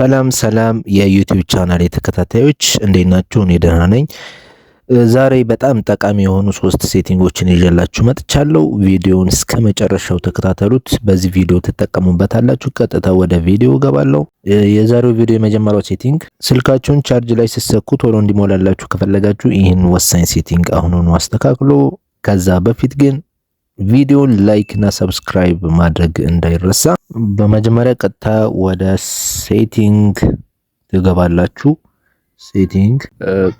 ሰላም ሰላም የዩቲዩብ ቻናል የተከታታዮች እንዴት ናችሁ? እኔ ደህና ነኝ። ዛሬ በጣም ጠቃሚ የሆኑ ሶስት ሴቲንጎችን ይዤላችሁ መጥቻለሁ። ቪዲዮውን እስከ መጨረሻው ተከታተሉት። በዚህ ቪዲዮ ትጠቀሙበታላችሁ። ቀጥታ ወደ ቪዲዮ ገባለሁ። የዛሬው ቪዲዮ የመጀመሪያው ሴቲንግ ስልካችሁን ቻርጅ ላይ ስትሰኩ ቶሎ እንዲሞላላችሁ ከፈለጋችሁ ይህን ወሳኝ ሴቲንግ አሁኑኑ አስተካክሎ፣ ከዛ በፊት ግን ቪዲዮን ላይክ እና ሰብስክራይብ ማድረግ እንዳይረሳ። በመጀመሪያ ቀጥታ ወደ ሴቲንግ ትገባላችሁ። ሴቲንግ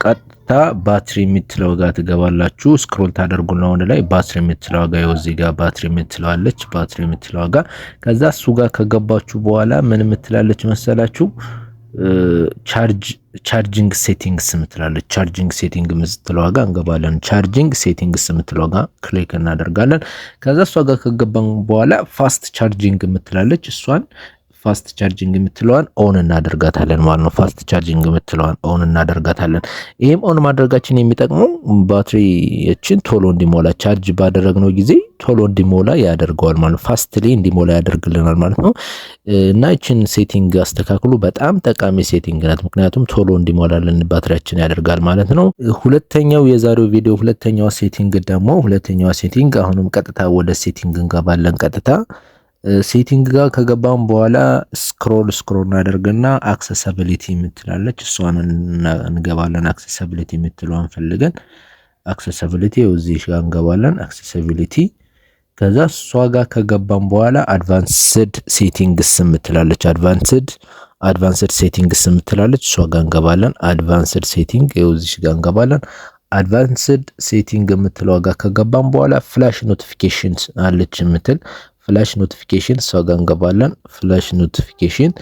ቀጥታ ባትሪ የምትለው ጋር ትገባላችሁ። ስክሮል ታደርጉ ሆነ ላይ ባትሪ የምትለው ጋር ይኸው እዚህ ጋር ባትሪ የምትለዋለች ባትሪ የምትለው ጋር ከዛ እሱ ጋር ከገባችሁ በኋላ ምን የምትላለች መሰላችሁ? ቻርጅንግ ሴቲንግስ የምትላለች። ቻርጅንግ ሴቲንግ የምትለው ጋር እንገባለን። ቻርጅንግ ሴቲንግስ የምትለው ጋር ክሊክ እናደርጋለን። ከዛ እሷ ጋር ከገባን በኋላ ፋስት ቻርጅንግ የምትላለች እሷን ፋስት ቻርጅንግ የምትለዋን ኦን እናደርጋታለን ማለት ነው። ፋስት ቻርጅንግ የምትለዋን ኦን እናደርጋታለን። ይህም ኦን ማድረጋችን የሚጠቅመው ባትሪያችን ቶሎ እንዲሞላ ቻርጅ ባደረግነው ጊዜ ቶሎ እንዲሞላ ያደርገዋል ማለት ነው። ፋስትሊ እንዲሞላ ያደርግልናል ማለት ነው። እና ይችን ሴቲንግ አስተካክሉ። በጣም ጠቃሚ ሴቲንግ ናት፣ ምክንያቱም ቶሎ እንዲሞላልን ባትሪያችን ያደርጋል ማለት ነው። ሁለተኛው የዛሬው ቪዲዮ ሁለተኛዋ ሴቲንግ ደግሞ ሁለተኛዋ ሴቲንግ አሁንም ቀጥታ ወደ ሴቲንግ እንገባለን ቀጥታ ሴቲንግ ጋር ከገባን በኋላ ስክሮል ስክሮል እናደርግና አክሰሳቢሊቲ የምትላለች እሷን እንገባለን። አክሰሳቢሊቲ የምትለዋን ፈልገን አክሰሳቢሊቲ እዚህ ጋር እንገባለን። አክሰሳቢሊቲ ከዛ እሷ ጋር ከገባን በኋላ አድቫንስድ ሴቲንግስ የምትላለች አድቫንስድ አድቫንስድ ሴቲንግስ የምትላለች እሷ ጋር እንገባለን። አድቫንስድ ሴቲንግ እዚህ ጋር እንገባለን። አድቫንስድ ሴቲንግ የምትለው ጋር ከገባም በኋላ ፍላሽ ኖቲፊኬሽንስ አለች የምትል ፍላሽ ኖቲፊኬሽን እሷ ጋር እንገባለን። ፍላሽ ኖቲፊኬሽን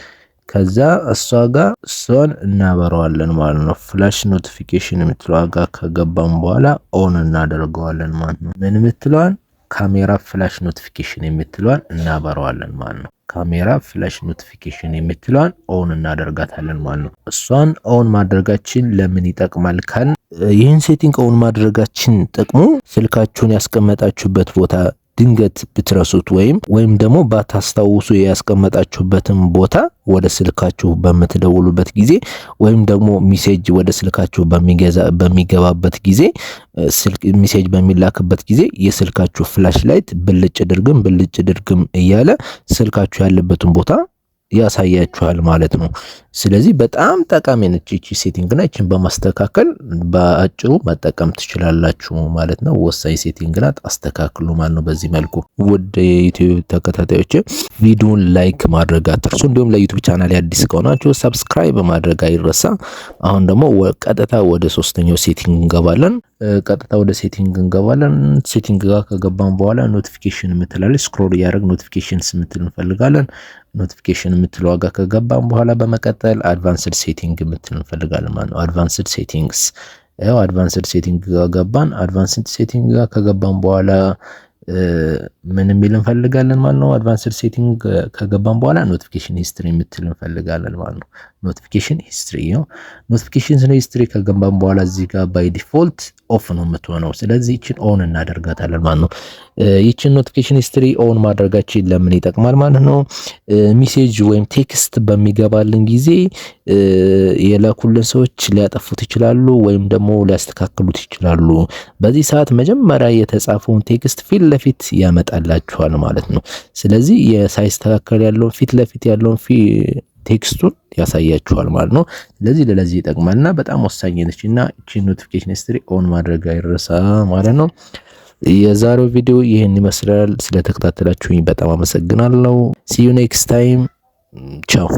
ከዛ እሷ ጋር እሷን እናበረዋለን ማለት ነው። ፍላሽ ኖቲፊኬሽን የምትለዋ ጋር ከገባም በኋላ ኦን እናደርገዋለን ማለት ነው። ምን የምትለዋን ካሜራ ፍላሽ ኖቲፊኬሽን የምትለዋን እናበረዋለን ማለት ነው። ካሜራ ፍላሽ ኖቲፊኬሽን የምትለዋን ኦን እናደርጋታለን ማለት ነው። እሷን ኦን ማድረጋችን ለምን ይጠቅማል ካል ይህን ሴቲንግ ኦን ማድረጋችን ጥቅሙ ስልካችሁን ያስቀመጣችሁበት ቦታ ድንገት ብትረሱት ወይም ወይም ደግሞ ባታስታውሱ ያስቀመጣችሁበትን ቦታ ወደ ስልካችሁ በምትደውሉበት ጊዜ ወይም ደግሞ ሚሴጅ ወደ ስልካችሁ በሚገባበት ጊዜ ሚሴጅ በሚላክበት ጊዜ የስልካችሁ ፍላሽ ላይት ብልጭ ድርግም ብልጭ ድርግም እያለ ስልካችሁ ያለበትን ቦታ ያሳያችኋል ማለት ነው። ስለዚህ በጣም ጠቃሚ ነች ይቺ ሴቲንግ ና ይችን በማስተካከል በአጭሩ መጠቀም ትችላላችሁ ማለት ነው። ወሳኝ ሴቲንግ ናት፣ አስተካክሉ ማለት ነው። በዚህ መልኩ ውድ የዩቲዩብ ተከታታዮች ቪዲዮን ላይክ ማድረግ አትርሱ። እንዲሁም ለዩቲዩብ ቻናል አዲስ ከሆናችሁ ሰብስክራይብ ማድረግ አይረሳ። አሁን ደግሞ ቀጥታ ወደ ሶስተኛው ሴቲንግ እንገባለን። ቀጥታ ወደ ሴቲንግ እንገባለን። ሴቲንግ ጋር ከገባን በኋላ ኖቲፊኬሽን የምትላለች ስክሮል እያደረግ ኖቲፊኬሽንስ የምትል እንፈልጋለን። ኖቲፊኬሽን የምትለው ዋጋ ከገባን በኋላ በመቀጠል አድቫንስድ ሴቲንግ የምትል እንፈልጋለን ማለት ነው። አድቫንስድ ሴቲንግስ ያው አድቫንስድ ሴቲንግ ጋር ገባን። አድቫንስድ ሴቲንግ ጋር ከገባን በኋላ ምን የሚል እንፈልጋለን ማለት ነው። አድቫንስድ ሴቲንግ ከገባን በኋላ ኖቲፊኬሽን ሂስትሪ የምትል እንፈልጋለን ማለት ነው። ኖቲፊኬሽን ሂስትሪ ነው። ኖቲፊኬሽን ስለ ሂስትሪ ከገንባን በኋላ እዚህ ጋር ባይ ዲፎልት ኦፍ ነው የምትሆነው። ስለዚህ ይችን ኦን እናደርጋታለን ማለት ነው። ይችን ኖቲፊኬሽን ሂስትሪ ኦን ማድረጋችን ለምን ይጠቅማል ማለት ነው? ሚሴጅ ወይም ቴክስት በሚገባልን ጊዜ የላኩልን ሰዎች ሊያጠፉት ይችላሉ ወይም ደግሞ ሊያስተካክሉት ይችላሉ። በዚህ ሰዓት መጀመሪያ የተጻፈውን ቴክስት ፊት ለፊት ያመጣላችኋል ማለት ነው። ስለዚህ የሳይስተካከል ያለውን ፊት ለፊት ያለውን ቴክስቱን ያሳያችኋል ማለት ነው። ለዚህ ለለዚህ ይጠቅማል በጣም ወሳኝ ነች እና እቺ ኖቲፊኬሽን ስትሪ ኦን ማድረግ አይረሳ ማለት ነው። የዛሬው ቪዲዮ ይህን ይመስላል። ስለተከታተላችሁኝ በጣም አመሰግናለሁ። ሲዩ ኔክስት ታይም ቻው።